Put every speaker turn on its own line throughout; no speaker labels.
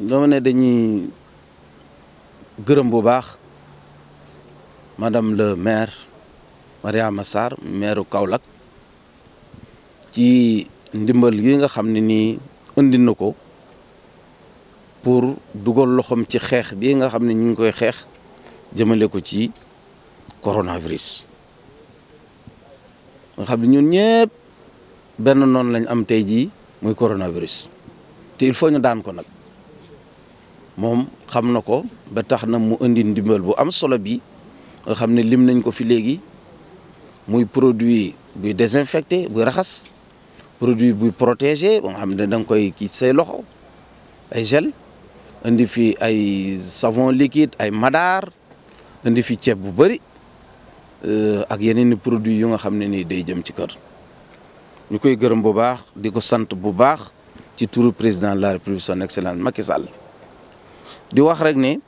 dama ne dañuy gërëm bu baax madame le maire Mariama Sarr maire Kaolack ci ndimbal yi nga xam ne nii indi na ko pour dugal loxoom ci xeex bi nga xam ne ñu ngi koy xeex jëmale ko ci coronavirus nga xam ne ñun ñëpp benn noonu lañ am tey jii muy coronavirus te il faut ñu daan ko nag moom xam na ko ba tax na mu indi ndimbal bu am solo bi nga xam ne lim nañ ko fi léegi muy produit buy désinfecté buy raxas produit buy protégé nga xam ne da nga koy kii say loxo ay gel indi fi ay savon liquide ay madaar indi fi ceeb bu bëri euh, ak yeneen i produit yu nga xam ne nii day jëm ci kër ñu koy gërëm bu baax di ko sant bu baax ci turu président la république son excellence Macky Sall di wax rek ne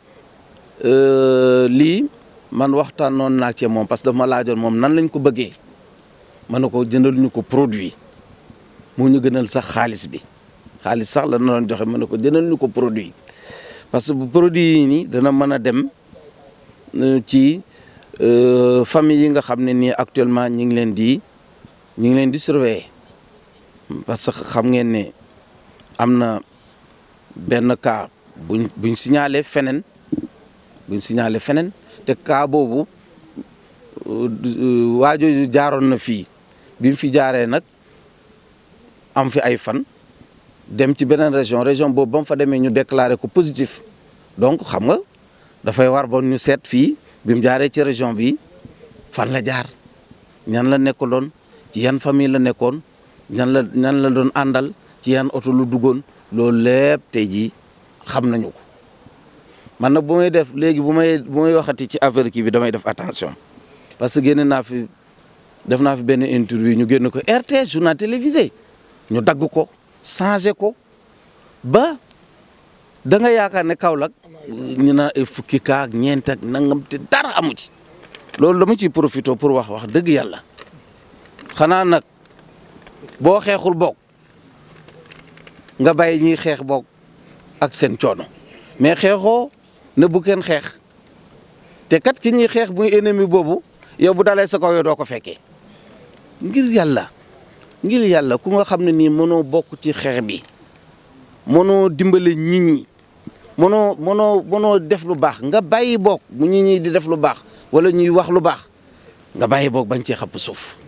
euh, li man waxtan non naa ci mom parce que dafa ma laajoon nan lañ ko bëggee ma ne ko jëndaluñu ko produit mo ñu gënal sax xaaliss bi xaaliss sax la non joxe ma ne ko jëndaluñu ko produit parce que bu produit yi nii dana mëna dem euh, ci euh famille yi nga xam ni actuellement ñi ngi leen di ñi ngi leen di surveiller parce que xam ngeen ne amna ben cas buñ buñ feneen buñ signalé feneen te cas boobu euh, euh, waajooju jaaroon na fii bi mu fi jaaree nag am fi ay fan dem ci beneen région région boobu ba fa demee ñu déclaré ko positif donc xam nga dafay war bon ñu seet fii bi mu jaaree ci région bi fan la jaar ñan la nekkuloon ci yan famille la nekkoon ñan la ñan la doon àndal ci yan oto lu duggoon loolu lépp tey jii xam nañu ko man nag bu may def léegi bu may bu may waxati ci affaire kii bi damay def attention parce que génn naa fi def naa fi benn interview ñu génn ko RTS journal télévisé ñu dagg ko changé ko ba da nga yaakaar ne Kaolack ñu na fukki kaa ak ñeent ak nangam te dara amu ci loolu dama ciy profité pour wax wax dëgg yàlla xanaa nag boo xeexul boog nga bàyyi ñiy xeex boog ak seen coono mais xeexoo ne bu kenn xeex te kat ki ñuy xeex muy ennemi boobu yow bu dalee sa kaw yow doo ko fekkee ngir yàlla ngir yàlla ku nga xam ne nii mënoo bokk ci xeex bi mënoo dimbale nit ñi mënoo mënoo mënoo def lu baax nga bàyyi bokk mu nit ñi di def lu baax wala ñuy wax lu baax nga bàyyi bokk bañ cee xapp suuf